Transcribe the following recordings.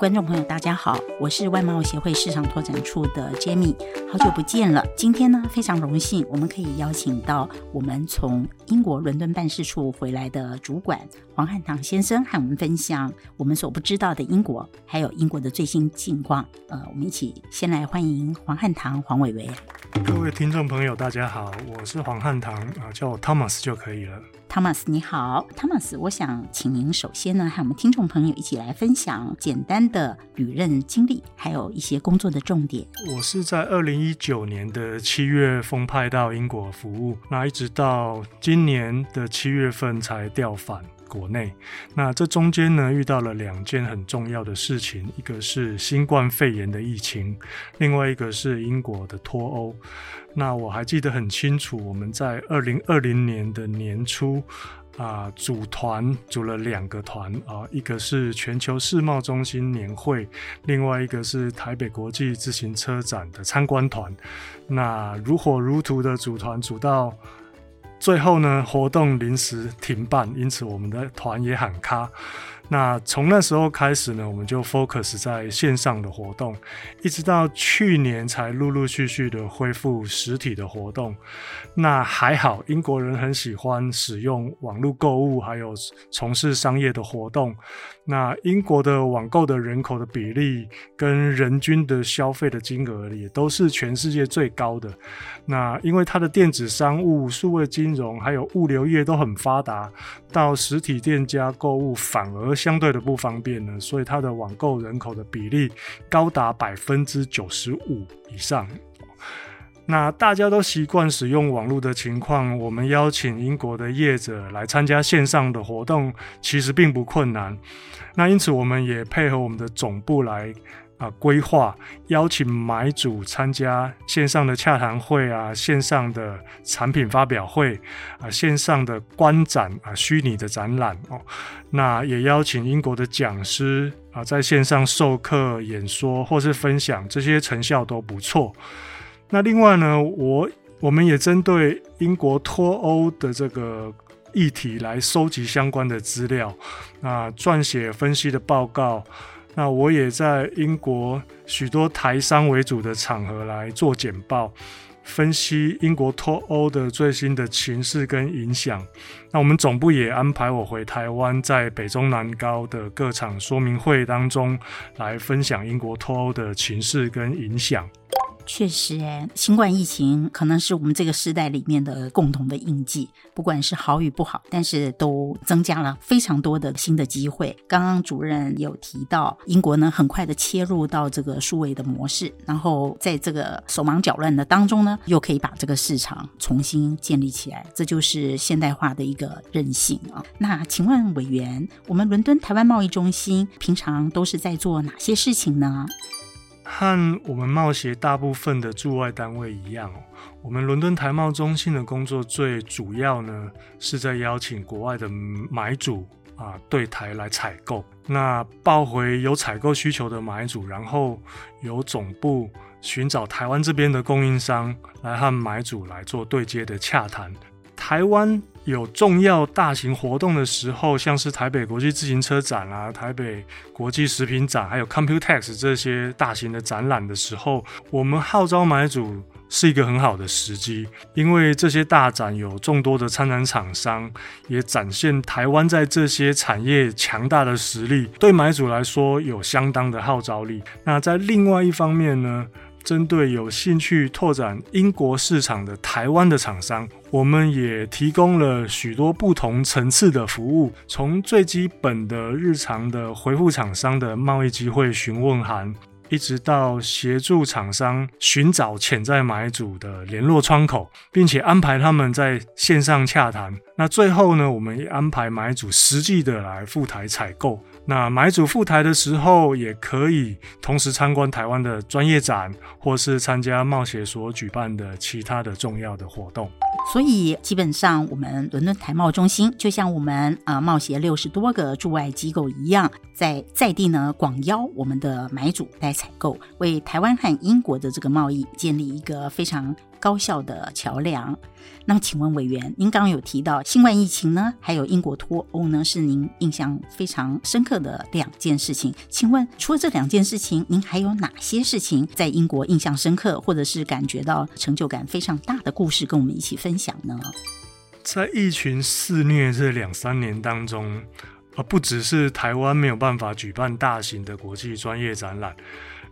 觀眾朋友，大家好，我是外貿協會市場拓展處的 Jamie，好久不見了。今天呢，非常榮幸，我們可以邀請到我們從英國倫敦辦事處回來的主管黃漢唐先生，和我們分享我們所不知道的英國，還有英國的最新近況。呃，我們一起先來歡迎黃漢唐、黃委員。各位聽眾朋友，大家好，我是黃漢唐，啊，叫我 Thomas 就可以了。Thomas，你好，Thomas，我想請您首先呢，和我們聽眾朋友一起來分享簡單的履任經歷，還有一些工作的重點。我是在二零一九年的七月奉派到英國服務，那一直到今年的七月份才調返國內。那這中間呢，遇到了兩件很重要的事情，一個是新冠肺炎的疫情，另外一個是英國的脫歐。那我還記得很清楚，我們在二零二零年的年初啊，組團組了兩個團啊，一個是全球世貿中心年會，另外一個是台北國際自行車展的參觀團。那如火如荼的組團組到最後呢，活動臨時停辦，因此我們的團也喊卡。那從那時候開始呢，我們就 focus 在線上的活動，一直到去年才陸陸續續的恢復實體的活動。那還好，英國人很喜歡使用網絡購物，還有從事商業的活動。那英國的網購的人口的比例跟人均的消費的金額也都是全世界最高的。那因為它的電子商務、數位金融還有物流業都很發達，到實體店家購物反而。相對的不方便呢，所以它的網購人口的比例高達百分之九十五以上。那大家都習慣使用網絡的情況，我們邀請英國的業者來參加線上的活動，其實並不困難。那因此，我們也配合我們的總部來。啊，規劃邀請買主參加線上的洽談會啊，線上的產品發表會啊，線上的觀展啊，虛擬的展覽哦。那也邀請英國的講師啊，在線上授課、演說或是分享，這些成效都不錯。那另外呢，我我們也針對英國脫歐的這個議題來收集相關的資料，那撰寫分析的報告。那我也在英國許多台商為主的場合來做簡報，分析英國脫歐的最新的情勢跟影響。那我們總部也安排我回台灣，在北中南高的各場說明會當中，來分享英國脫歐的情勢跟影響。確實，哎，新冠疫情可能是我們這個時代裡面的共同的印記，不管是好與不好，但是都增加了非常多的新的機會。剛剛主任有提到，英國呢很快地切入到這個數位的模式，然後在這個手忙腳亂的當中呢，又可以把這個市場重新建立起來，這就是現代化的一個韌性啊。那請問委員，我們倫敦台灣貿易中心平常都是在做哪些事情呢？和我們貿協大部分的駐外單位一樣，我們倫敦台貿中心的工作最主要呢是在邀請國外的買主啊對台來採購，那報回有採購需求的買主，然後由總部尋找台灣這邊的供應商來和買主來做對接的洽談。台灣有重要大型活動的時候，像是台北國際自行車展啊、台北國際食品展，還有 Computex 這些大型的展覽的時候，我們號召買主是一個很好的時機，因為這些大展有眾多的參展廠商，也展現台灣在這些產業強大的實力，對買主來說有相當的號召力。那在另外一方面呢，針對有興趣拓展英國市場的台灣的廠商，我們也提供了許多不同層次的服務，從最基本的日常的回覆廠商的貿易機會詢問函，一直到協助廠商尋找潛在買主的聯絡窗口，並且安排他們在線上洽談。那最後呢，我們也安排買主實際的來赴台採購。那買主赴台的時候，也可以同時參觀台灣的專業展，或是參加貿協所舉辦的其他的重要的活動。所以，基本上我們倫敦台貿中心，就像我們呃貿協六十多個駐外機構一樣。在在地呢，廣邀我們的買主來採購，為台灣和英國的這個貿易建立一個非常高效的橋樑。那麼，請問委員，您剛剛有提到新冠疫情呢，還有英國脫歐呢，是您印象非常深刻的兩件事情。請問，除了這兩件事情，您還有哪些事情在英國印象深刻，或者是感覺到成就感非常大的故事，跟我們一起分享呢？在疫情肆虐這兩三年當中。不只是台灣沒有辦法舉辦大型的國際專業展覽，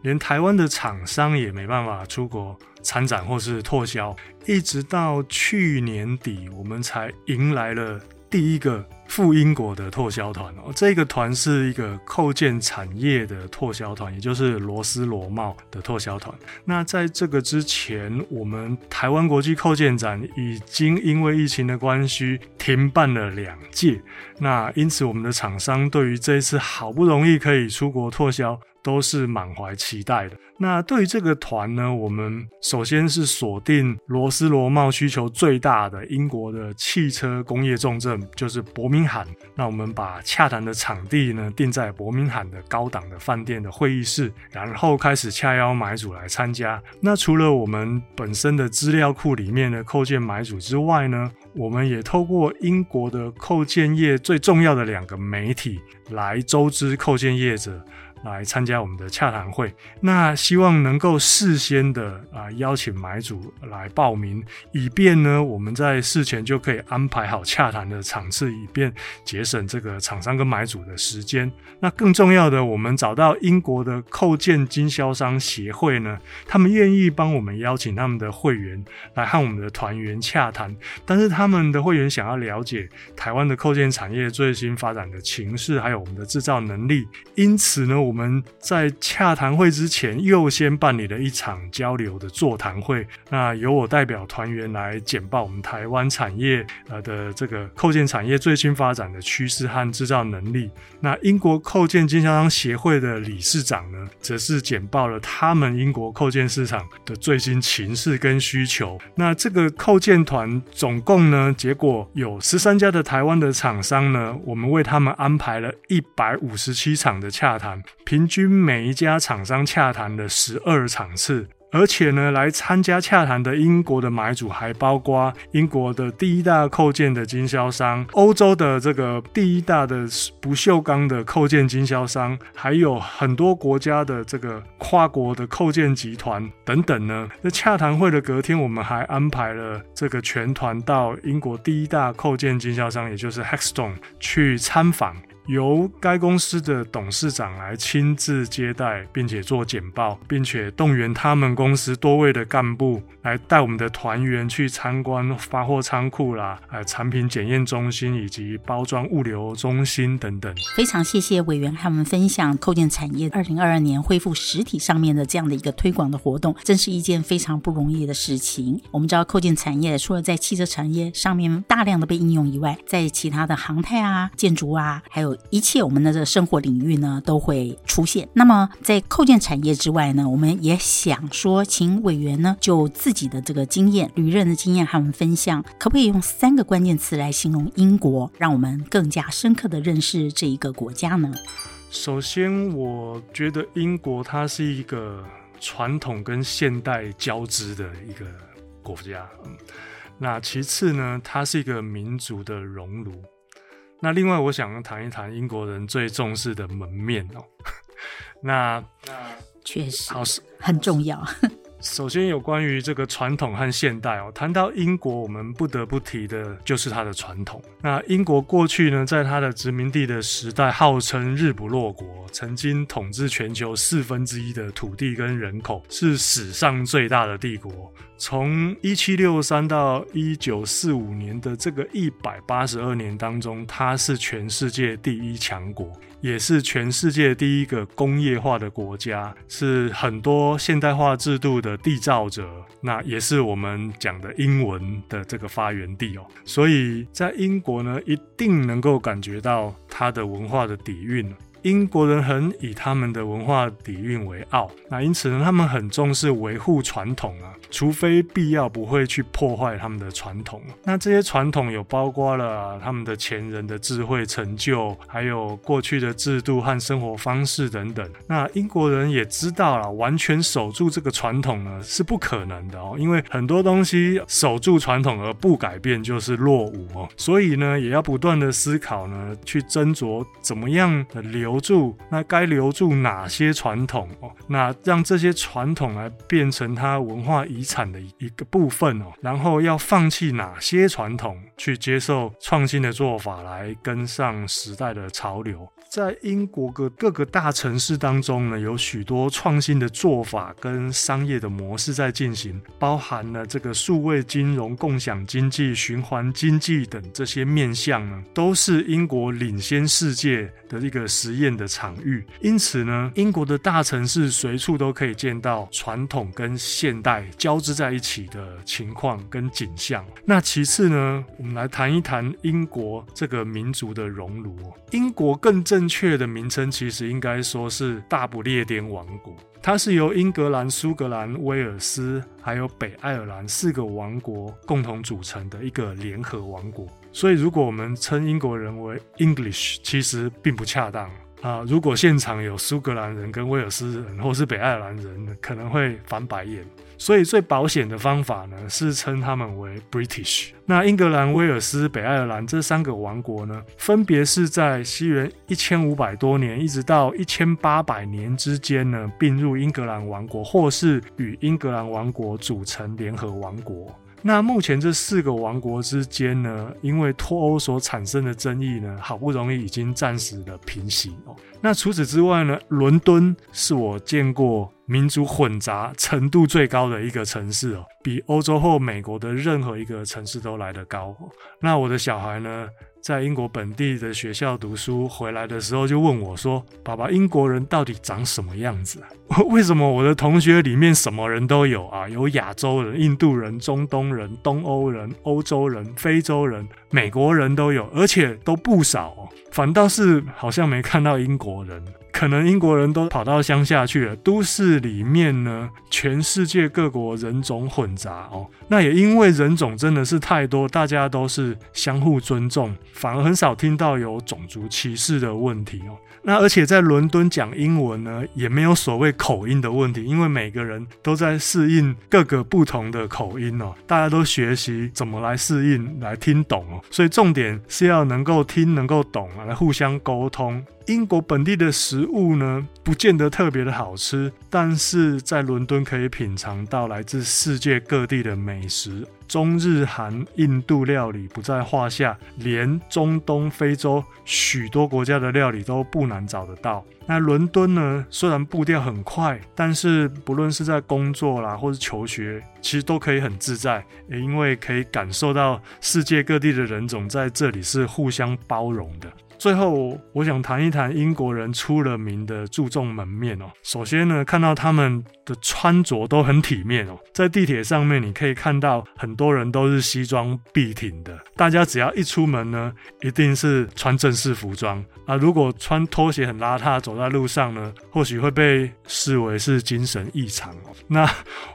連台灣的廠商也沒辦法出國參展或是拓銷。一直到去年底，我們才迎來了第一個。赴英國的拓銷團哦，這個團是一個扣件產業的拓銷團，也就是螺絲螺帽的拓銷團。那在這個之前，我們台灣國際扣件展已經因為疫情的關係停辦了兩屆。那因此，我們的廠商對於這一次好不容易可以出國拓銷。都是滿懷期待的。那對於這個團呢，我們首先是鎖定螺絲螺帽需求最大的英國的汽車工業重鎮，就是伯明翰。那我們把洽談的場地呢定在伯明翰的高檔的飯店的會議室，然後開始洽邀買主來參加。那除了我們本身的資料庫裡面的扣件買主之外呢，我們也透過英國的扣件業最重要的兩個媒體來周知扣件業者。來參加我們的洽談會，那希望能夠事先的啊邀請買主來報名，以便呢我們在事前就可以安排好洽談的場次，以便節省這個廠商跟買主的時間。那更重要的，我們找到英國的扣件經銷商協會呢，他們願意幫我們邀請他們的會員來和我們的團員洽談，但是他們的會員想要了解台灣的扣件產業最新發展的情勢，還有我們的制造能力，因此呢。我們在洽談會之前，又先辦理了一場交流的座談會。那由我代表團員來簡報我們台灣產業呃的這個扣件產業最新發展的趨勢和制造能力。那英國扣件經銷商協會的理事長呢，則是簡報了他們英國扣件市場的最新情勢跟需求。那這個扣件團總共呢，結果有十三家的台灣的廠商呢，我們為他們安排了一百五十七場的洽談。平均每一家廠商洽談了十二場次，而且呢，來參加洽談的英國的買主還包括英國的第一大扣件的經銷商、歐洲的這個第一大的不鏽鋼的扣件經銷商，還有很多國家的這個跨國的扣件集團等等呢。那洽談會的隔天，我們還安排了這個全團到英國第一大扣件經銷商，也就是 Hexstone 去參訪。由該公司的董事長來親自接待，並且做簡報，並且動員他們公司多位的幹部來帶我們的團員去參觀發貨倉庫啦，呃，產品檢驗中心以及包裝物流中心等等。非常謝謝委員和我們分享扣件產業二零二二年恢復實體上面的這樣的一個推廣的活動，真是一件非常不容易的事情。我們知道扣件產業除了在汽車產業上面大量的被應用以外，在其他的航太啊、建築啊，還有。一切我們的這個生活領域呢都會出現。那麼在構建產業之外呢，我們也想說，請委員呢就自己的這個經驗、履任的經驗和我們分享，可不可以用三個關鍵詞來形容英國，讓我們更加深刻的認識這一個國家呢？首先，我覺得英國它是一個傳統跟現代交織的一個國家。那其次呢，它是一個民族的熔爐。那另外，我想談一談英國人最重視的門面哦。 那確實，好很重要。 首先，有關於這個傳統和現代哦。談到英國，我們不得不提的就是它的傳統。那英國過去呢，在它的殖民地的時代，號稱“日不落國”，曾經統治全球四分之一的土地跟人口，是史上最大的帝國。從一七六三到一九四五年的這個一百八十二年當中，它是全世界第一強國。也是全世界第一個工業化的國家，是很多現代化制度的締造者，那也是我們講的英文的這個發源地哦。所以在英國呢，一定能夠感覺到它的文化的底蘊。英國人很以他們的文化底蘊為傲，那因此呢，他們很重視維護傳統啊，除非必要，不會去破壞他們的傳統。那這些傳統有包括了啊，他們的前人的智慧成就，還有過去的制度和生活方式等等。那英國人也知道了，完全守住這個傳統呢是不可能的哦，因為很多東西守住傳統而不改變就是落伍哦。所以呢，也要不斷的思考呢，去斟酌怎麼樣的留。留住那該留住哪些傳統哦？那讓這些傳統來變成它文化遺產的一個部分哦。然後要放棄哪些傳統，去接受創新的做法，來跟上時代的潮流。在英國的各個大城市當中呢，有許多創新的做法跟商業的模式在進行，包含了這個數位金融、共享經濟、循環經濟等這些面向呢，都是英國領先世界。的一個實驗的場域，因此呢，英國的大城市隨處都可以見到傳統跟現代交織在一起的情況跟景象。那其次呢，我們來談一談英國這個民族的熔爐。英國更正確的名稱其實應該說是大不列顛王國，它是由英格蘭、蘇格蘭、威爾斯還有北愛爾蘭四個王國共同組成的一個聯合王國。所以，如果我們稱英國人為 English，其實並不恰當啊、呃。如果現場有蘇格蘭人，跟威爾斯人或是北愛爾蘭人，可能會翻白眼。所以，最保險的方法呢，是稱他們為 British。那英格蘭、威爾斯、北愛爾蘭這三個王國呢，分別是在西元一千五百多年一直到一千八百年之間呢，並入英格蘭王國，或是與英格蘭王國組成聯合王國。那目前這四個王國之間呢，因為脫歐所產生的爭議呢，好不容易已經暫時的平息哦。那除此之外呢，倫敦是我見過民族混雜程度最高的一個城市哦，比歐洲或美國的任何一個城市都來得高哦。那我的小孩呢，在英國本地的學校讀書，回來的時候就問我說：“爸爸，英國人到底長什麼樣子啊？為什麼我的同學裡面什麼人都有啊？有亞洲人、印度人、中東人、東歐人、歐洲人、非洲人。”美國人都有，而且都不少哦，反倒是好像沒看到英國人，可能英國人都跑到鄉下去了。都市裡面呢，全世界各國人種混雜哦，那也因為人種真的是太多，大家都是相互尊重，反而很少聽到有種族歧視的問題哦。那而且在倫敦講英文呢，也沒有所謂口音的問題，因為每個人都在適應各個不同的口音哦，大家都學習怎麼來適應、來聽懂哦，所以重點是要能夠聽、能夠懂，來互相溝通。英國本地的食物呢，不見得特別的好吃，但是在倫敦可以品嘗到來自世界各地的美食，中日韓、印度料理不在話下，連中東、非洲許多國家的料理都不難找得到。那倫敦呢，雖然步調很快，但是不論是在工作啦，或是求學，其實都可以很自在，也因為可以感受到世界各地的人種在這裡是互相包容的。最後，我想談一談英國人出了名的注重門面哦。首先呢，看到他們的穿着都很體面哦，在地鐵上面你可以看到很多人都是西裝筆挺的，大家只要一出門呢，一定是穿正式服裝啊。如果穿拖鞋很邋遢，走在路上呢，或許會被視為是精神異常哦。那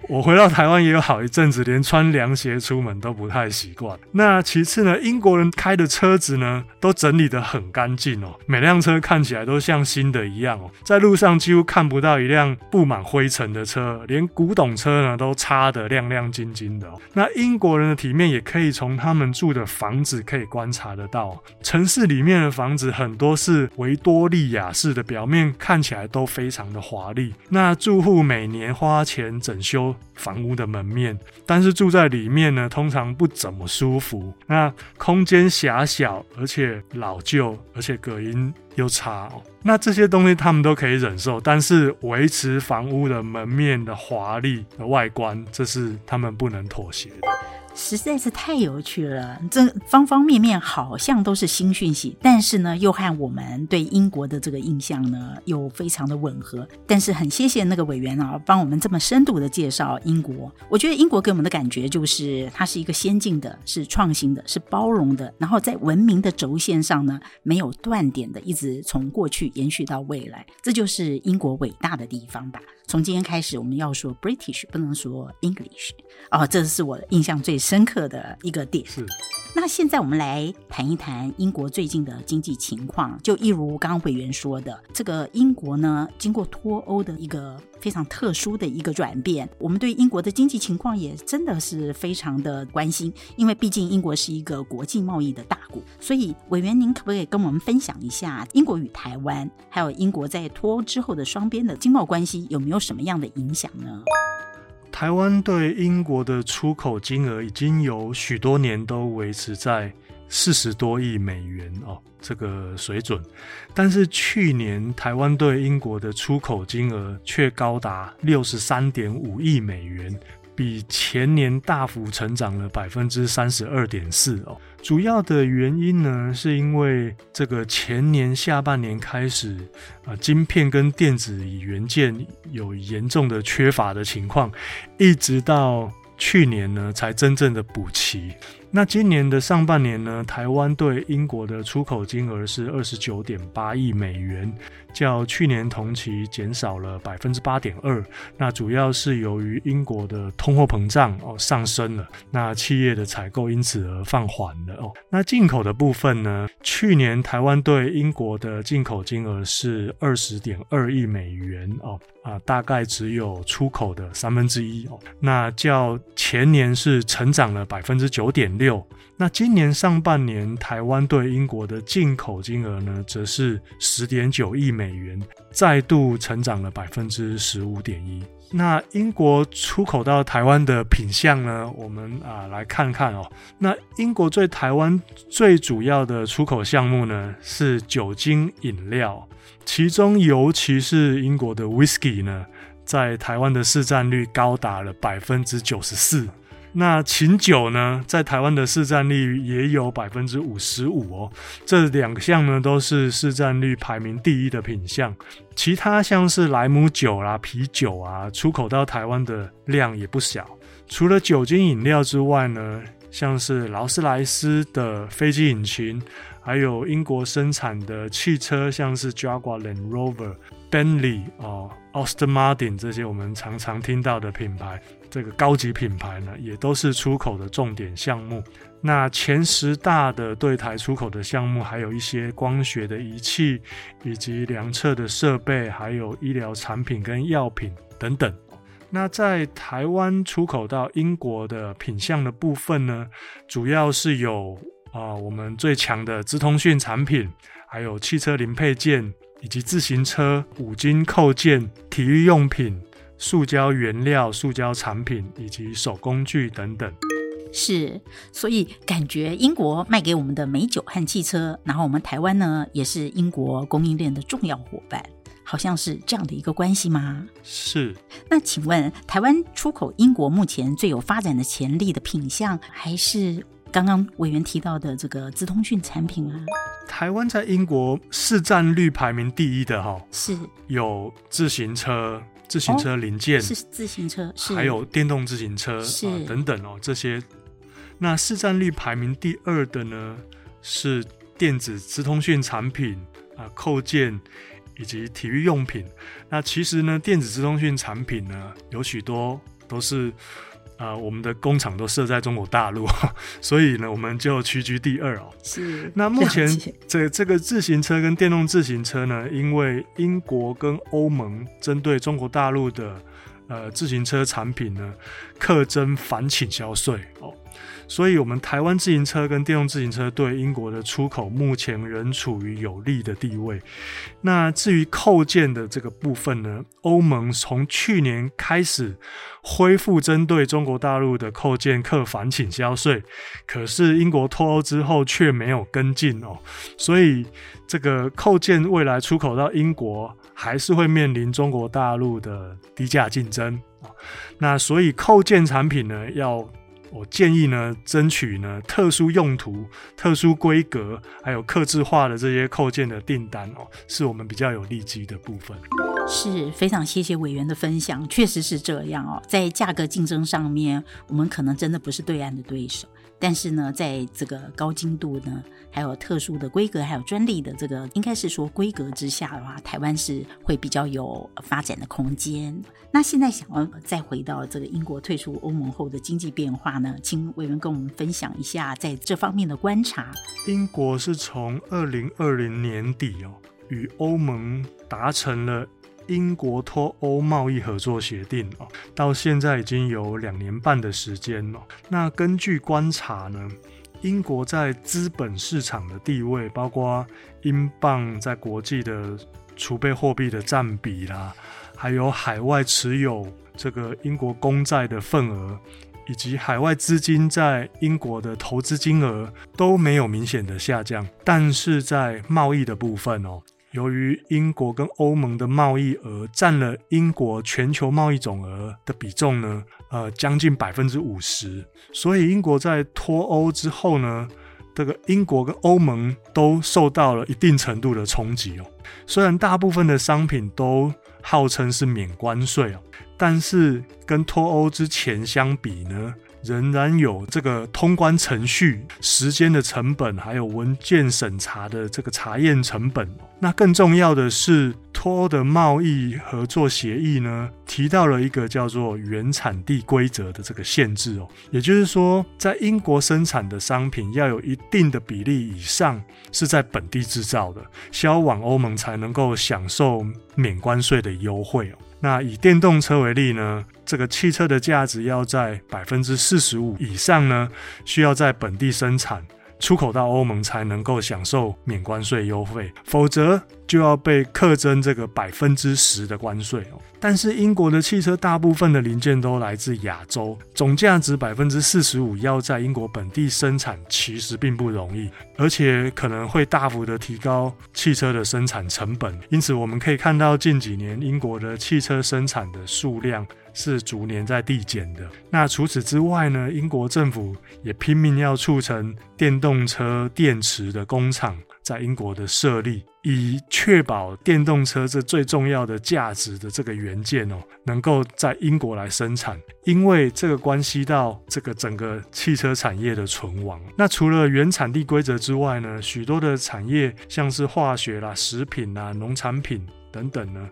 我回到台灣也有好一陣子，連穿涼鞋出門都不太習慣。那其次呢，英國人開的車子呢，都整理得很乾淨哦，每輛車看起來都像新的一樣哦，在路上幾乎看不到一輛布滿灰塵的。車連古董車呢都擦得亮亮晶晶的哦。那英國人的體面也可以從他們住的房子可以觀察得到。城市裡面的房子很多是維多利亞式的，表面看起來都非常的華麗。那住戶每年花錢整修房屋的門面，但是住在裡面呢，通常不怎麼舒服。那空間狹小，而且老舊，而且隔音，有差哦，那這些東西他們都可以忍受，但是維持房屋的門面的華麗的外觀，這是他們不能妥協的。實在是太有趣了，這方方面面好像都是新訊息，但是呢，又和我們對英國的這個印象呢又非常的吻合。但是很謝謝那個委員啊，幫我們這麼深度的介紹英國。我覺得英國給我們的感覺就是它是一個先進的、是創新的、是包容的，然後在文明的軸線上呢沒有斷點的，一直從過去延續到未來，這就是英國偉大的地方吧。從今天開始，我們要說 British，不能說 English 哦，這是我印象最深刻的一個點。是，那現在我們來談一談英國最近的經濟情況。就一如剛剛委員說的，這個英國呢，經過脫歐的一個非常特殊的一個轉變，我們對英國的經濟情況也真的是非常的關心，因為畢竟英國是一個國際貿易的大國。所以委員，您可不可以跟我們分享一下英國與台灣，還有英國在脫歐之後的雙邊的經貿關係有沒有？有什麼樣的影響呢？台灣對英國的出口金額，已經有許多年都維持在四十多億美元哦，這個水準。但是去年，台灣對英國的出口金額卻高達六十三點五億美元，比前年大幅成長了百分之三十二點四哦。主要的原因呢，是因為這個前年下半年開始，啊、呃，晶片跟電子元件有嚴重的缺乏的情況，一直到去年呢，才真正的補齊。那今年的上半年呢，台灣對英國的出口金額是二十九點八億美元，較去年同期減少了百分之八點二。那主要是由於英國的通貨膨脹哦上升了，那企業的採購因此而放緩了哦。那進口的部分呢？去年台灣對英國的進口金額是二十點二億美元哦啊，大概只有出口的三分之一哦。那較前年是成長了百分之九點六。六，那今年上半年台灣對英國的進口金額呢，則是十點九億美元，再度成長了百分之十五點一。那英國出口到台灣的品項呢，我們啊來看看哦。那英國對台灣最主要的出口項目呢，是酒精飲料，其中尤其是英國的 whisky 呢，在台灣的市占率高達了百分之九十四。那琴酒呢，在台灣的市占率也有百分之五十五哦。這兩項呢，都是市占率排名第一的品項。其他像是萊姆酒啦、啊、啤酒啊，出口到台灣的量也不小。除了酒精飲料之外呢，像是勞斯萊斯的飛機引擎，還有英國生產的汽車，像是 Jaguar Land Rover。Bentley 哦，Aston Martin 這些我們常常聽到的品牌，這個高級品牌呢，也都是出口的重點項目。那前十大的對台出口的項目，還有一些光學的儀器，以及量測的設備，還有醫療產品跟藥品等等。那在台灣出口到英國的品項的部分呢，主要是有啊、呃，我們最強的資通訊產品，還有汽車零配件。以及自行車、五金扣件、體育用品、塑膠原料、塑膠產品以及手工具等等。是，所以感覺英國賣給我們的美酒和汽車，然後我們台灣呢，也是英國供應鏈的重要夥伴，好像是這樣的一個關係嗎？是。那請問台灣出口英國目前最有發展的潛力的品項還是？剛剛委員提到的這個資通訊產品啊，台灣在英國市占率排名第一的哈、哦，是有自行車、自行車零件、哦、自行車，還有電動自行車是、呃、等等哦這些。那市占率排名第二的呢，是電子資通訊產品啊、呃、扣件以及體育用品。那其實呢，電子資通訊產品呢，有許多都是。啊、呃，我們的工廠都設在中國大陸，所以呢，我們就屈居第二哦。是，那目前，了解，這這個自行車跟電動自行車呢，因為英國跟歐盟針對中國大陸的呃自行車產品呢，課徵反傾銷稅哦。所以，我們台灣自行車跟電動自行車對英國的出口目前仍處於有利的地位。那至於扣件的這個部分呢，歐盟從去年開始恢復針對中國大陸的扣件課反傾銷稅，可是英國脫歐之後卻沒有跟進哦。所以，這個扣件未來出口到英國還是會面臨中國大陸的低價競爭啊。那所以扣件產品呢要。我建議呢，爭取呢，特殊用途、特殊規格，還有客製化的這些扣件的訂單哦，是我們比較有利基的部分。是，非常謝謝委員的分享，確實是這樣哦。在價格競爭上面，我們可能真的不是對岸的對手，但是呢，在這個高精度呢，還有特殊的規格，還有專利的這個，應該是說規格之下的話，台灣是會比較有發展的空間。那現在想要再回到這個英國退出歐盟後的經濟變化呢，請委員跟我們分享一下在這方面的觀察。英國是從二零二零年底哦，與歐盟達成了英國脫歐貿易合作協定哦，到現在已經有兩年半的時間了哦。那根據觀察呢，英國在資本市場的地位，包括英鎊在國際的儲備貨幣的占比啦。還有海外持有這個英國公債的份額，以及海外資金在英國的投資金額都沒有明顯的下降。但是在貿易的部分哦，由於英國跟歐盟的貿易額占了英國全球貿易總額的比重呢，呃，將近百分之五十。所以英國在脫歐之後呢，這個英國跟歐盟都受到了一定程度的衝擊哦。雖然大部分的商品都號稱是免關稅哦，但是跟脫歐之前相比呢，仍然有這個通關程序、時間的成本，還有文件審查的這個查驗成本哦。那更重要的是，脫歐的貿易合作協議呢，提到了一個叫做原產地規則的這個限制哦。也就是說，在英國生產的商品要有一定的比例以上是在本地制造的，銷往歐盟才能夠享受免關稅的優惠哦。那以電動車為例呢？這個汽車的價值要在百分之四十五以上呢，需要在本地生產，出口到歐盟才能夠享受免關稅優惠，否則就要被課徵這個百分之十的關稅哦。但是英國的汽車大部分的零件都來自亞洲，總價值百分之四十五要在英國本地生產，其實並不容易，而且可能會大幅的提高汽車的生產成本。因此，我們可以看到近幾年英國的汽車生產的數量。是逐年在遞減的。那除此之外呢，英國政府也拼命要促成電動車電池的工廠在英國的設立，以確保電動車這最重要的價值的這個元件哦，能夠在英國來生產，因為這個關係到這個整個汽車產業的存亡。那除了原產地規則之外呢，許多的產業，像是化學啦、食品啦、農產品等等呢。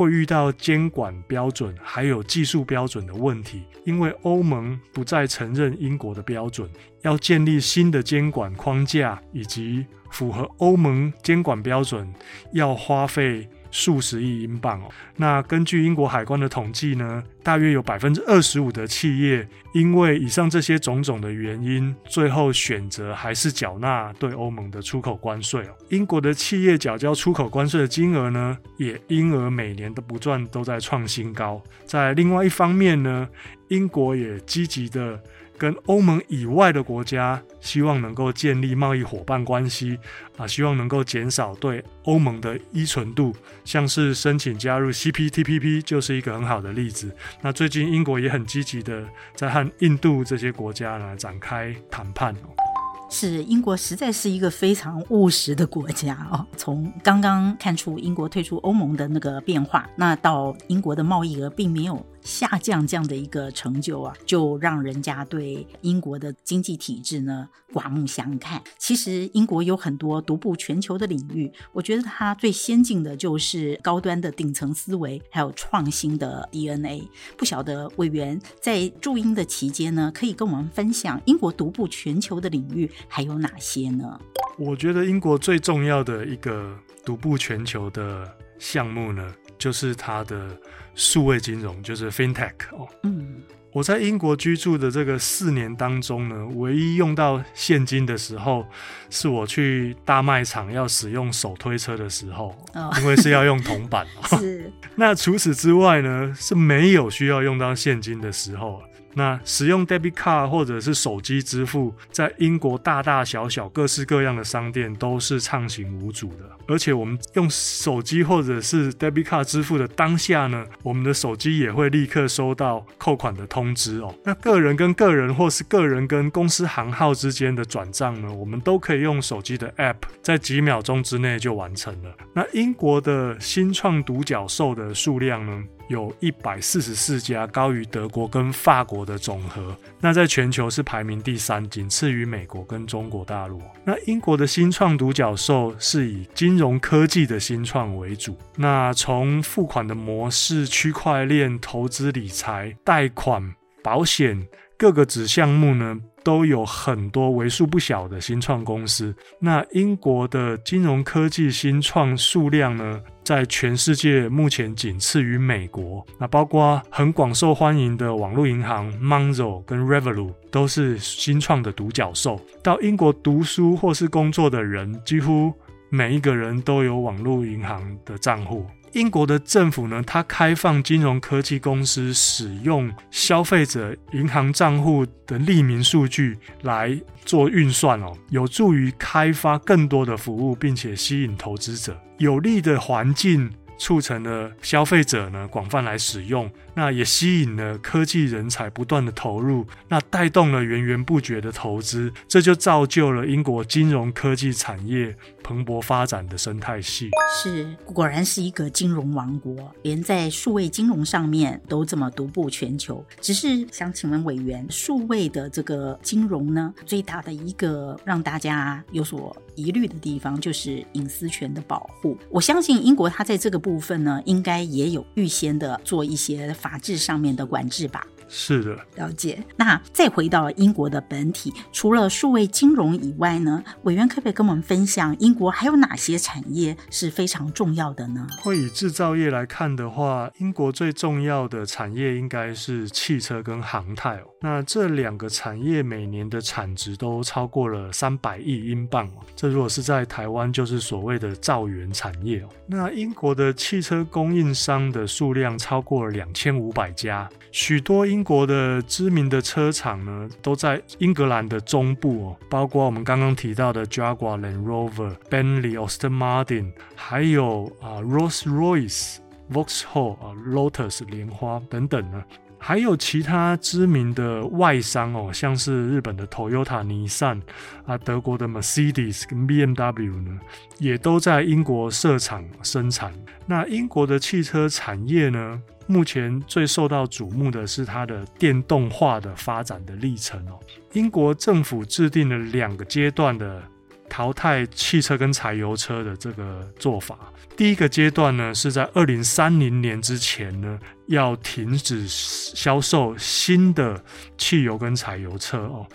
會遇到監管標準還有技術標準的問題，因為歐盟不再承認英國的標準，要建立新的監管框架以及符合歐盟監管標準，要花費。數十億英鎊哦。那根據英國海關的統計呢，大約有百分之二十五的企業因為以上這些種種的原因，最後選擇還是繳納對歐盟的出口關稅哦。英國的企業繳交出口關稅的金額呢，也因而每年都不斷都在創新高。在另外一方面呢，英國也積極的。跟歐盟以外的國家，希望能夠建立貿易夥伴關係啊，希望能夠減少對歐盟的依存度，像是申請加入 CPTPP 就是一個很好的例子。那最近英國也很積極的在和印度這些國家呢展開談判哦。是英國實在是一個非常務實的國家哦。從剛剛看出英國退出歐盟的那個變化，那到英國的貿易額並沒有下降這樣的一個成就啊，就讓人家對英國的經濟體制呢刮目相看。其實英國有很多獨步全球的領域，我覺得它最先進的就是高端的頂層思維，還有創新的 DNA。不曉得委員在駐英的期間呢，可以跟我們分享英國獨步全球的領域還有哪些呢？我覺得英國最重要的一個獨步全球的項目呢，就是它的。數位金融就是 FinTech 哦。Oh, 嗯，我在英國居住的這個四年當中呢，唯一用到現金的時候，是我去大賣場要使用手推車的時候，oh, 因為是要用銅板。 是。 那除此之外呢，是沒有需要用到現金的時候。那使用 debit card 或者是手機支付，在英國大大小小各式各樣的商店都是暢行無阻的。而且我們用手機或者是 debit card 支付的當下呢，我們的手機也會立刻收到扣款的通知哦。那個人跟個人，或是個人跟公司行號之間的轉賬呢，我們都可以用手機的 app，在幾秒鐘之內就完成了。那英國的新創獨角獸的數量呢？有一百四十四家，高於德國跟法國的總和，那在全球是排名第三，僅次於美國跟中國大陸。那英國的新創獨角獸是以金融科技的新創為主，那從付款的模式、區塊鏈、投資理財、貸款、保險。各個子項目呢，都有很多為數不小的新創公司。那英國的金融科技新創數量呢，在全世界目前僅次於美國。那包括很廣受歡迎的網絡銀行 Monzo 跟 Revolut，都是新創的獨角獸。到英國讀書或是工作的人，幾乎每一個人都有網絡銀行的賬戶。英國的政府呢，它開放金融科技公司使用消費者銀行賬戶的匿名數據來做運算哦，有助於開發更多的服務，並且吸引投資者。有利的環境促成了消費者呢，廣泛來使用。那也吸引了科技人才不斷的投入，那帶動了源源不絕的投資，這就造就了英國金融科技產業蓬勃發展的生態系。是，果然是一個金融王國，連在數位金融上面都這麼獨步全球。只是想請問委員，數位的這個金融呢，最大的一個讓大家有所疑慮的地方，就是隱私權的保護。我相信英國它在這個部分呢，應該也有預先的做一些法。法制上面的管制吧，是的，了解。那再回到英國的本體，除了數位金融以外呢，委員可不可以跟我們分享英國還有哪些產業是非常重要的呢？會以製造業來看的話，英國最重要的產業應該是汽車跟航太。那這兩個產業每年的產值都超過了三百億英鎊哦，這如果是在台灣，就是所謂的兆元產業哦。那英國的汽車供應商的數量超過了兩千五百家，許多英國的知名的車廠呢，都在英格蘭的中部哦，包括我們剛剛提到的 Jaguar、Land Rover、Bentley、Aston Martin，還有啊，Rolls-Royce、Vauxhall、啊、Lotus 蓮花等等呢。還有其他知名的外商哦，像是日本的 Toyota、Nissan 啊，德國的 Mercedes 跟 BMW 呢，也都在英國設廠生產。那英國的汽車產業呢，目前最受到矚目的是它的電動化的發展的歷程哦。英國政府制定了兩個階段的淘汰汽車跟柴油車的這個做法。第一個階段呢，是在二零三零年之前呢。要停止銷售新的汽油跟柴油車哦。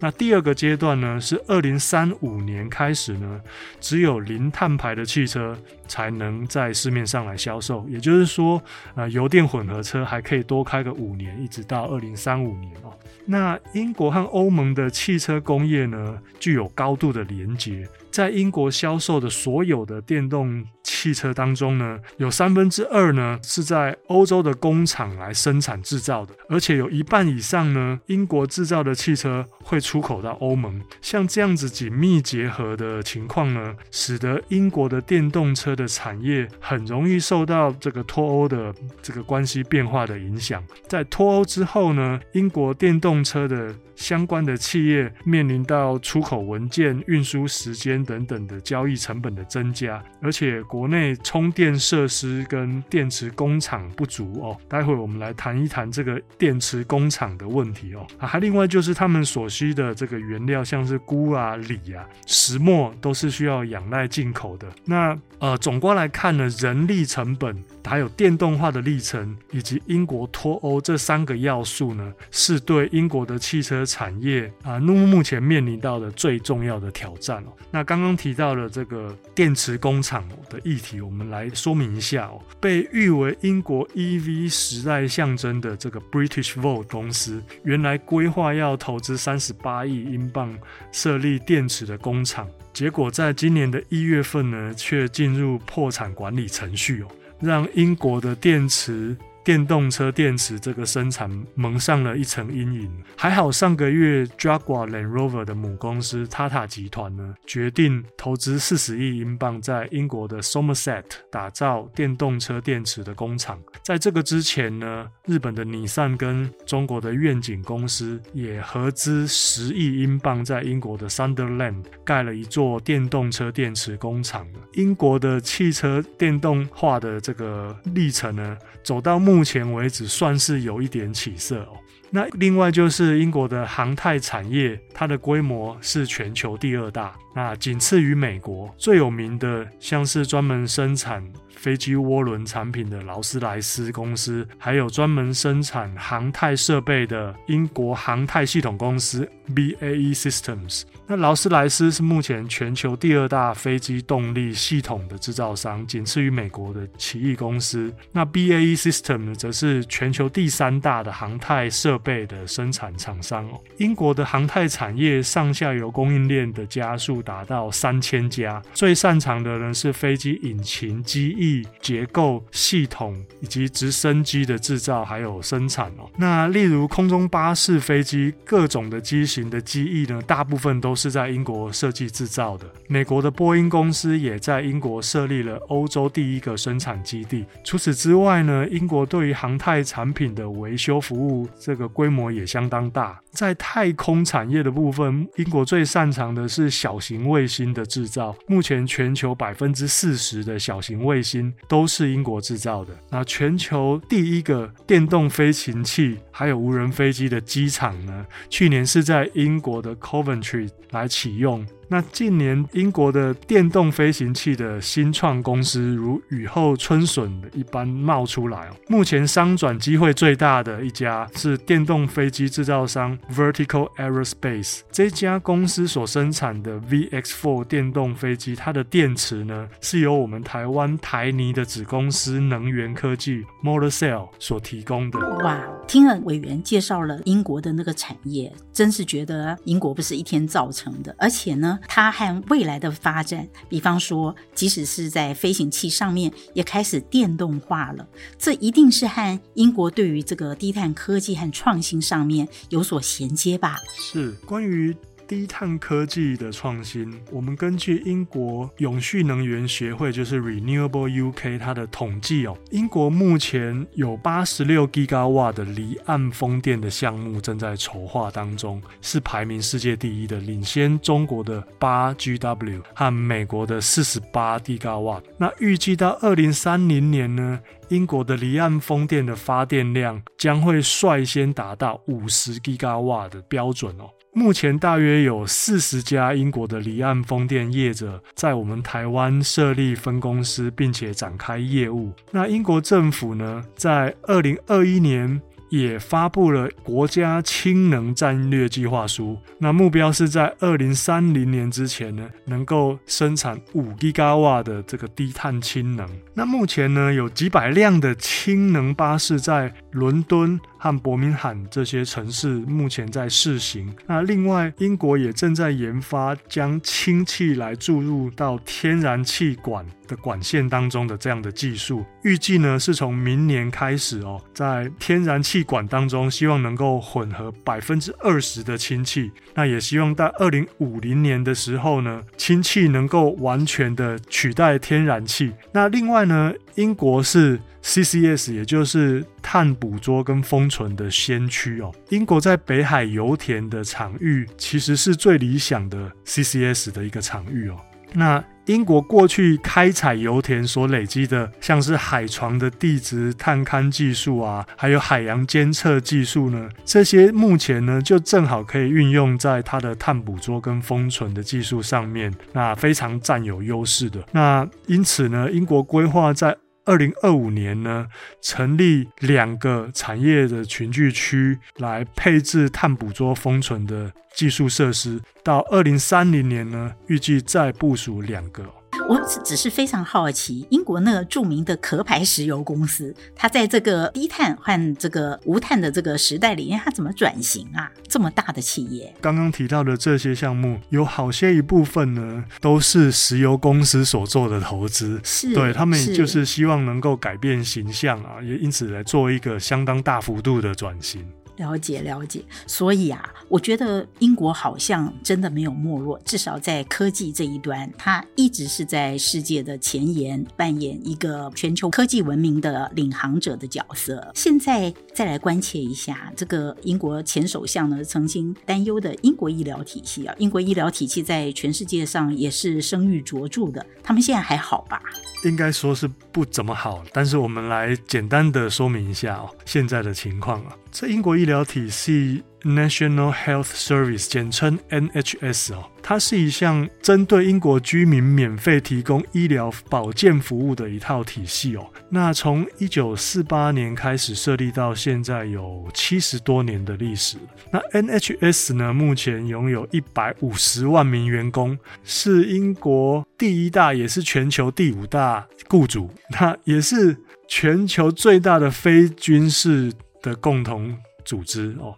那第二個階段呢，是二零三五年開始呢，只有零碳排的汽車才能在市面上來銷售。也就是說，呃，油電混合車還可以多開個五年，一直到二零三五年哦。那英國和歐盟的汽車工業呢，具有高度的連接。在英國銷售的所有的電動汽車當中呢，有三分之二呢是在歐洲的工廠來生產製造的，而且有一半以上呢英國製造的汽車會出口到歐盟。像這樣子緊密結合的情況呢，使得英國的電動車的產業很容易受到這個脫歐的這個關係變化的影響。在脫歐之後呢，英國電動車的相關的企業面臨到出口文件、運輸時間。等等的交易成本的增加，而且國內充電設施跟電池工廠不足哦。待會我們來談一談這個電池工廠的問題哦。啊，還另外就是他們所需的這個原料，像是鈷啊、鋰啊、石墨，都是需要仰賴進口的那。那呃，總觀來看呢，人力成本。還有電動化的歷程，以及英國脫歐這三個要素呢，是對英國的汽車產業啊，那、呃、麼目前面臨到的最重要的挑戰哦。那剛剛提到了這個電池工廠的議題，我們來說明一下哦。被譽為英國 EV 時代象徵的這個 Britishvolt 公司，原來規劃要投資三十八億英鎊設立電池的工廠，結果在今年的一月份呢，卻進入破產管理程序哦。讓英國的電池，電動車電池這個生產蒙上了一層陰影。還好，上個月 Jaguar Land Rover 的母公司 Tata 集團呢，決定投資四十億英鎊在英國的 Somerset 打造電動車電池的工廠。在這個之前呢，日本的日產跟中國的遠景公司也合資十億英鎊在英國的 Sunderland 蓋了一座電動車電池工廠。英國的汽車電動化的這個歷程呢，走到目前為止算是有一點起色哦、喔。那另外就是英國的航太產業，它的規模是全球第二大，那僅次於美國。最有名的像是專門生產飛機渦輪產品的勞斯萊斯公司，還有專門生產航太設備的英國航太系統公司 BAE Systems。那勞斯萊斯是目前全球第二大飛機動力系統的製造商，僅次於美國的奇異公司。那 BAE System 呢，則是全球第三大的航太設備的生產廠商哦。英國的航太產業上下游供應鏈的家數達到三千家，最擅長的呢是飛機引擎、機翼結構系統以及直升機的製造還有生產哦。那例如空中巴士飛機各種的機型的機翼呢，大部分都，是在英國設計製造的。美國的波音公司也在英國設立了歐洲第一個生產基地。除此之外呢，英國對於航太產品的維修服務，這個規模也相當大。在太空產業的部分，英國最擅長的是小型衛星的製造。目前全球百分之四十的小型衛星都是英國製造的。那全球第一個電動飛行器。還有無人飛機的機場呢，去年是在英國的 Coventry 來啟用。那近年英國的電動飛行器的新創公司如雨後春筍一般冒出來哦。目前商轉機會最大的一家是電動飛機製造商 Vertical Aerospace。這家公司所生產的 VX4 電動飛機，它的電池呢是由我們台灣台泥的子公司能源科技 Motorcell 所提供的。哇，聽了委員介紹了英國的那個產業，真是覺得英國不是一天造成的，而且呢。它和未來的發展，比方說，即使是在飛行器上面也開始電動化了，這一定是和英國對於這個低碳科技和創新上面有所銜接吧？是，關於。低碳科技的創新，我們根據英國永續能源協會，就是 Renewable UK，它的統計哦，英國目前有八十六 GW 的離岸風電的項目正在籌劃當中，是排名世界第一的，領先中國的八 GW 和美國的四十八 GW。那預計到二零三零年呢，英國的離岸風電的發電量將會率先達到五十 GW 的標準哦。目前大約有四十家英國的離岸風電業者在我們台灣設立分公司，並且展開業務。那英國政府呢，在二零二一年也發布了國家氫能戰略計劃書。那目標是在二零三零年之前呢，能夠生產五吉瓦的這個低碳氫能。那目前呢，有幾百輛的氫能巴士在倫敦。和伯明翰這些城市目前在試行。那另外，英國也正在研發將氫氣來注入到天然氣管的管線當中的這樣的技術。預計呢，是從明年開始哦，在天然氣管當中希望能夠混合百分之二十的氫氣。那也希望在二零五零年的時候呢，氫氣能夠完全的取代天然氣。那另外呢，英國是 CCS，也就是碳捕捉跟封存的先驅哦。英國在北海油田的場域其實是最理想的 CCS 的一個場域哦。那英國過去開採油田所累積的，像是海床的地質探勘技術啊，還有海洋監測技術呢，這些目前呢就正好可以運用在它的碳捕捉跟封存的技術上面，那非常占有優勢的。那因此呢，英國規劃在二零二五年呢，成立兩個產業的群聚區，來配置碳捕捉封存的技術設施。到二零三零年呢，預計再部署兩個。我只只是非常好奇，英國那個著名的殼牌石油公司，它在這個低碳換這個無碳的這個時代裡面，它怎麼轉型啊？這麼大的企業，剛剛提到的這些項目，有好些一部分呢，都是石油公司所做的投資，是對他們就是希望能夠改變形象啊，也因此來做一個相當大幅度的轉型。了解了解，所以啊，我覺得英國好像真的沒有沒落，至少在科技這一端，它一直是在世界的前沿，扮演一個全球科技文明的領航者的角色。現在再來關切一下這個英國前首相呢，曾經擔憂的英國醫療體系啊，英國醫療體系在全世界上也是聲譽卓著的。他們現在還好吧？應該說是不怎麼好，但是我們來簡單的說明一下哦，現在的情況啊，這英國醫。醫療體系 （National Health Service） 簡稱 NHS 哦，它是一項針對英國居民免費提供醫療保健服務的一套體系哦。那從一九四八年開始設立到現在有七十多年的歷史。那 NHS 呢，目前擁有一百五十萬名員工，是英國第一大，也是全球第五大僱主。那也是全球最大的非軍事的共同。組織哦，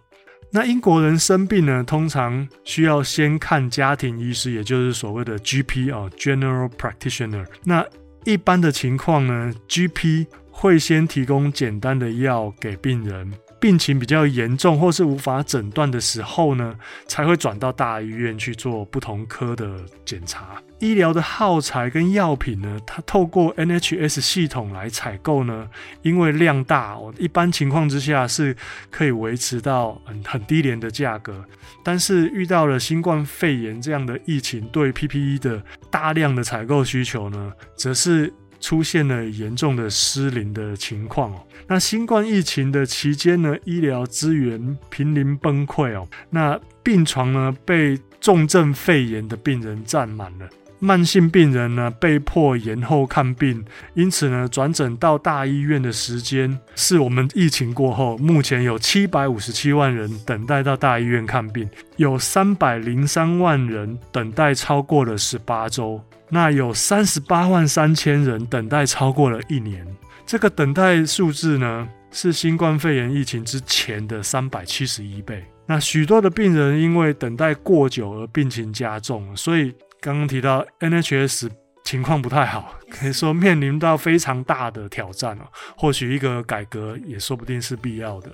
那英國人生病呢，通常需要先看家庭醫師，也就是所謂的 GP 啊，General Practitioner。那一般的情況呢，GP 會先提供簡單的藥給病人。病情比較嚴重或是無法診斷的時候呢，才會轉到大醫院去做不同科的檢查。醫療的耗材跟藥品呢，它透過 NHS 系統來採購呢，因為量大，一般情況之下是可以維持到很很低廉的價格。但是遇到了新冠肺炎這樣的疫情，對 PPE 的大量的採購需求呢，則是，出現了嚴重的失靈的情況哦。那新冠疫情的期間呢，醫療資源瀕臨崩潰哦。那病床呢，被重症肺炎的病人佔滿了。慢性病人呢被迫延後看病，因此呢轉診到大醫院的時間是我們疫情過後，目前有七百五十七萬人等待到大醫院看病，有三百零三萬人等待超過了十八周，那有三十八萬三千人等待超過了一年。這個等待數字呢是新冠肺炎疫情之前的三百七十一倍。那許多的病人因為等待過久而病情加重，所以。剛剛提到 NHS 情況不太好，可以說面臨到非常大的挑戰了。或許一個改革也說不定是必要的。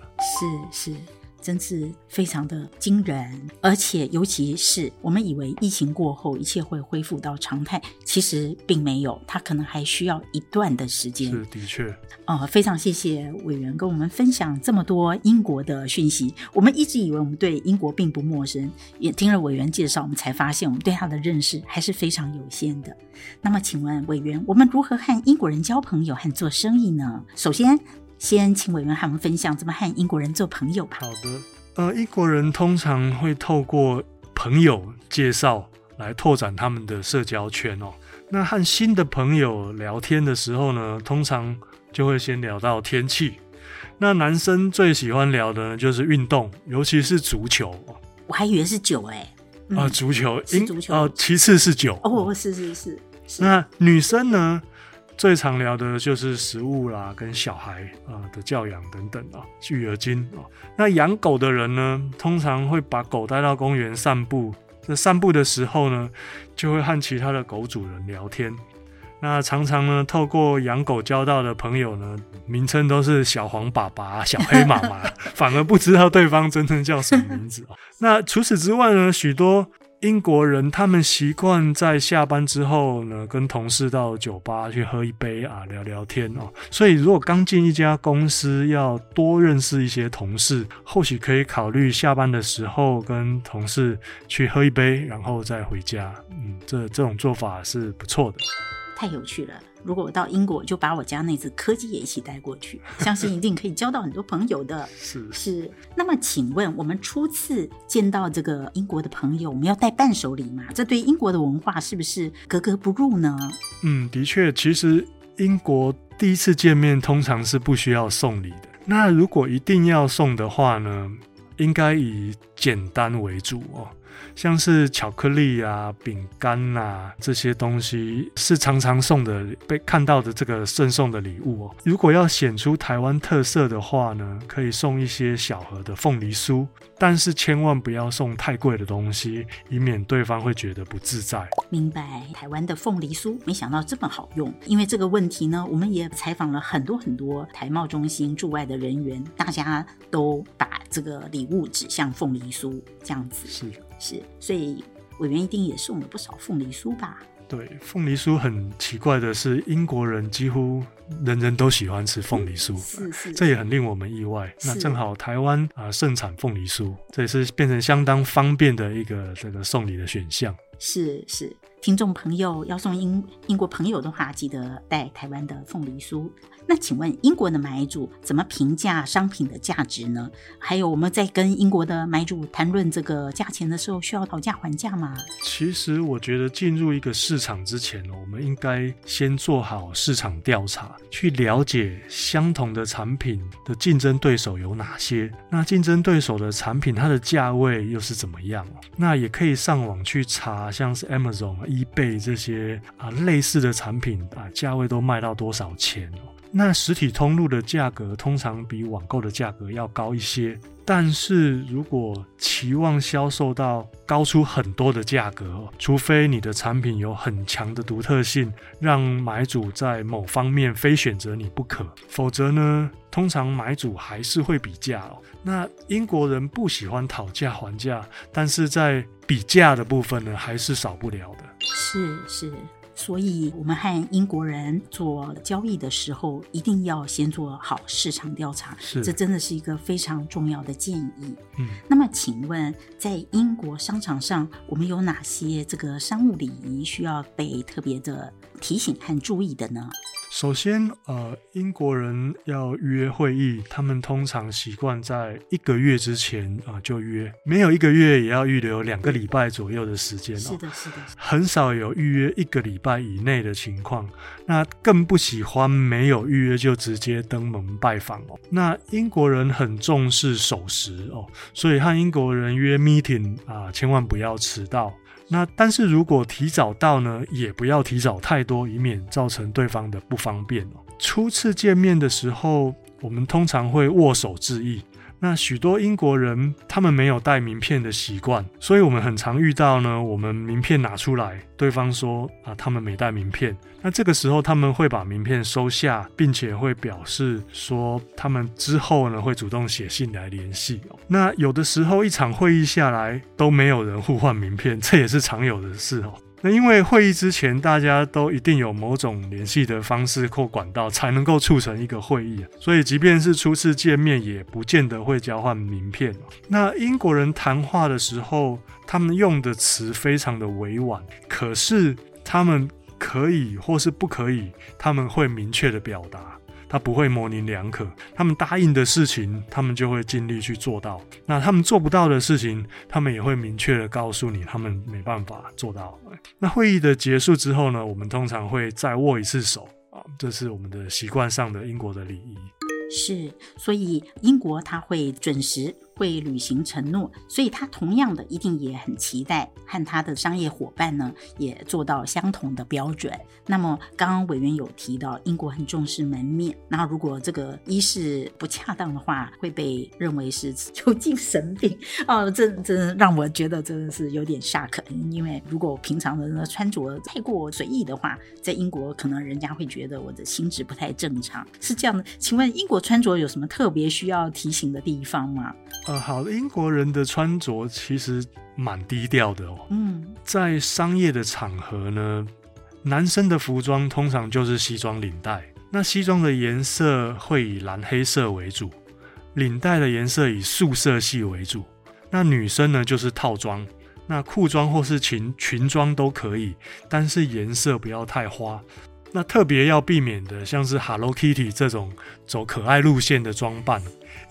是是。是真是非常的驚人，而且尤其是我們以為疫情過後一切會恢復到常態，其實並沒有，它可能還需要一段的時間。是的確，哦，非常謝謝委員跟我們分享這麼多英國的訊息。我們一直以為我們對英國並不陌生，也聽了委員介紹，我們才發現我們對他的認識還是非常有限的。那麼，請問委員，我們如何和英國人交朋友和做生意呢？首先。先請委員和我們分享怎麼和英國人做朋友吧。好的，呃，英國人通常會透過朋友介紹來拓展他們的社交圈哦。那和新的朋友聊天的時候呢，通常就會先聊到天氣。那男生最喜歡聊的就是運動，尤其是足球。我還以為是酒哎、欸。啊、嗯呃，足球。嗯、足球哦、呃，其次是酒。哦，是是是。是。那女生呢？最常聊的就是食物啦，跟小孩啊、呃、的教養等等啊、喔，育兒經啊。那養狗的人呢，通常會把狗帶到公園散步。那散步的時候呢，就會和其他的狗主人聊天。那常常呢，透過養狗交到的朋友呢，名稱都是小黃爸爸、小黑媽媽， 反而不知道對方真正叫什麼名字。喔。那除此之外呢，許多。英國人他們習慣在下班之後呢，跟同事到酒吧去喝一杯啊，聊聊天哦。所以如果剛進一家公司，要多認識一些同事，或許可以考慮下班的時候跟同事去喝一杯，然後再回家。嗯，這這種做法是不錯的。太有趣了。如果我到英國，就把我家那隻柯基也一起帶過去，相信一定可以交到很多朋友的。 是是。那麼請問，我們初次見到這個英國的朋友，我們要帶伴手禮嗎？這對英國的文化是不是格格不入呢？嗯，的確，其實英國第一次見面通常是不需要送禮的。那如果一定要送的話呢，應該以簡單為主哦。像是巧克力啊、餅乾吶這些東西，是常常送的、被看到的這個贈送的禮物哦。如果要顯出台灣特色的話呢，可以送一些小盒的鳳梨酥，但是千萬不要送太貴的東西，以免對方會覺得不自在。明白，台灣的鳳梨酥沒想到這麼好用。因為這個問題呢，我們也採訪了很多很多台貿中心駐外的人員，大家都把這個禮物指向鳳梨酥，這樣子。是。是，所以委員一定也送了不少鳳梨酥吧？對，鳳梨酥很奇怪的是，英國人幾乎人人都喜歡吃鳳梨酥，嗯啊，這也很令我們意外。是。那正好台灣啊，盛產鳳梨酥，這也是變成相當方便的一個這個送禮的選項。是是。聽眾朋友要送英英國朋友的話，記得帶台灣的鳳梨酥。那請問英國的買主怎麼評價商品的價值呢？還有我們在跟英國的買主談論這個價錢的時候，需要討價還價嗎？其實我覺得進入一個市場之前，我們應該先做好市場調查，去了解相同的產品的競爭對手有哪些。那競爭對手的產品它的價位又是怎麼樣？那也可以上網去查，像是 Amazon eBay 這些啊，類似的產品啊，價位都賣到多少錢哦。那實體通路的價格通常比網購的價格要高一些，但是如果期望銷售到高出很多的價格哦，除非你的產品有很強的獨特性，讓買主在某方面非選擇你不可，否則呢，通常買主還是會比價哦。那英國人不喜歡討價還價，但是在。比價的部分呢，還是少不了的。是是，所以我們和英國人做交易的時候，一定要先做好市場調查。是，這真的是一個非常重要的建議。嗯，那麼請問，在英國商場上，我們有哪些這個商務禮儀需要被特別的提醒和注意的呢？首先，呃，英國人要約會議，他們通常習慣在一個月之前啊、呃、就約，沒有一個月也要預留兩個禮拜左右的時間哦。是的，是的，很少有預約一個禮拜以內的情況，那更不喜歡沒有預約就直接登門拜訪哦。那英國人很重視守時哦，所以和英國人約 meeting 啊、呃，千萬不要遲到。那但是，如果提早到呢，也不要提早太多，以免造成對方的不方便。初次見面的時候，我們通常會握手致意。那許多英國人，他們沒有帶名片的習慣，所以我們很常遇到呢。我們名片拿出來，對方說啊，他們沒帶名片。那這個時候他們會把名片收下，並且會表示說，他們之後呢會主動寫信來聯繫。那有的時候一場會議下來都沒有人互換名片，這也是常有的事哦。那因為會議之前，大家都一定有某種聯繫的方式或管道，才能夠促成一個會議，所以即便是初次見面，也不見得會交換名片。那英國人談話的時候，他們用的詞非常的委婉，可是他們可以或是不可以，他們會明確的表達。他不會模棱兩可，他們答應的事情，他們就會盡力去做到；那他們做不到的事情，他們也會明確的告訴你，他們沒辦法做到。那會議的結束之後呢，我們通常會再握一次手啊，這是我們的習慣上的英國的禮儀。是，所以英國他會準時。會履行承諾，所以他同樣的一定也很期待和他的商業夥伴呢，也做到相同的標準。那麼剛剛委員有提到，英國很重視門面，那如果這個衣飾不恰當的話，會被認為是有精神病哦，這這讓我覺得真的是有點嚇客，因為如果平常人的穿着太過隨意的話，在英國可能人家會覺得我的心智不太正常，是這樣的。請問英國穿着有什麼特別需要提醒的地方嗎？呃、好，英國人的穿着其實蠻低調的哦、喔。嗯，在商業的場合呢，男生的服裝通常就是西裝領帶，那西裝的顏色會以藍黑色為主，領帶的顏色以素色系為主。那女生呢，就是套裝，那褲裝或是裙裙裝都可以，但是顏色不要太花。那特別要避免的，像是 Hello Kitty 這種走可愛路線的裝扮。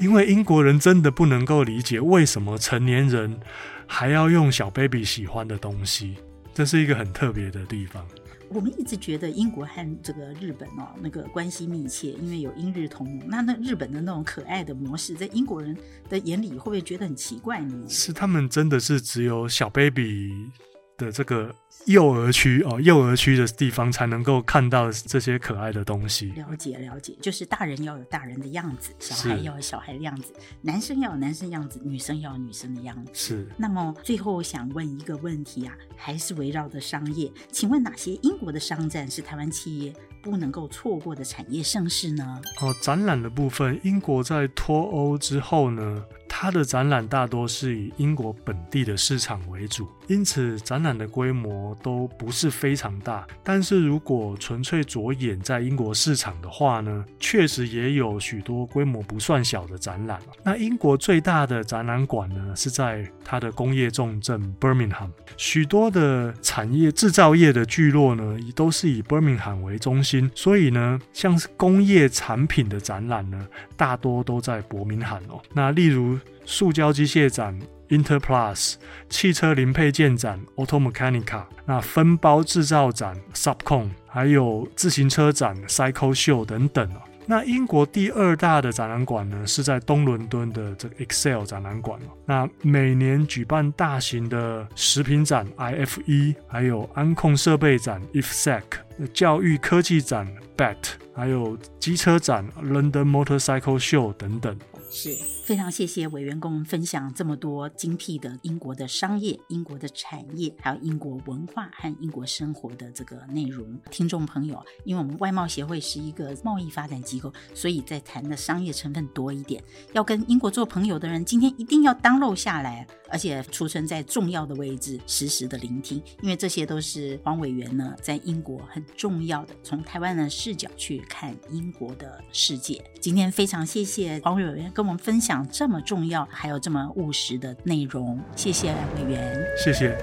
因為英國人真的不能夠理解為什麼成年人還要用小 baby 喜歡的東西，這是一個很特別的地方。我們一直覺得英國和這個日本哦，那個關係密切，因為有英日同盟。那那日本的那種可愛的模式，在英國人的眼裡會不會覺得很奇怪呢？是他們真的是只有小 baby。的這個幼兒區哦，幼兒區的地方才能夠看到這些可愛的東西。了解了解，就是大人要有大人的樣子，小孩要有小孩的樣子，是男生要有男生樣子，女生要有女生的樣子。是。那麼最後想問一個問題啊，還是圍繞着商業，請問哪些英國的商展是台灣企業不能夠錯過的產業盛事呢？哦，展覽的部分，英國在脫歐之後呢，他的展覽大多是以英國本地的市場為主，因此展覽的規模都不是非常大。但是如果純粹着眼在英國市場的話呢，確實也有許多規模不算小的展覽喔。那英國最大的展覽館呢，是在它的工業重鎮 Birmingham。許多的產業制造業的聚落呢，都是以 Birmingham 為中心。所以呢，像是工業產品的展覽呢，大多都在伯明翰哦。那例如。塑膠機械展 Interplus、汽車零配件展 AutoMechanica、那分包制造展 Subcon，還有自行車展 Cycle Show 等等。那英國第二大的展覽館呢，是在東倫敦的這個 ExCeL 展覽館。那每年舉辦大型的食品展 IFE，還有安控設備展 IFSEC、Sec, 教育科技展 BAT，還有機車展 London Motorcycle Show 等等。是非常謝謝委員公分享這麼多精闢的英國的商業、英國的產業，還有英國文化和英國生活的這個內容。聽眾朋友，因為我們外貿協會是一個貿易發展機構，所以在談的商業成分多一點。要跟英國做朋友的人，今天一定要當 d 下來，而且出生在重要的位置，實時的聆聽，因為這些都是黃委員呢在英國很重要的，從台灣的視角去看英國的世界。今天非常謝謝黃委員跟我們分享這麼重要，還有這麼務實的內容，謝謝委員，謝謝。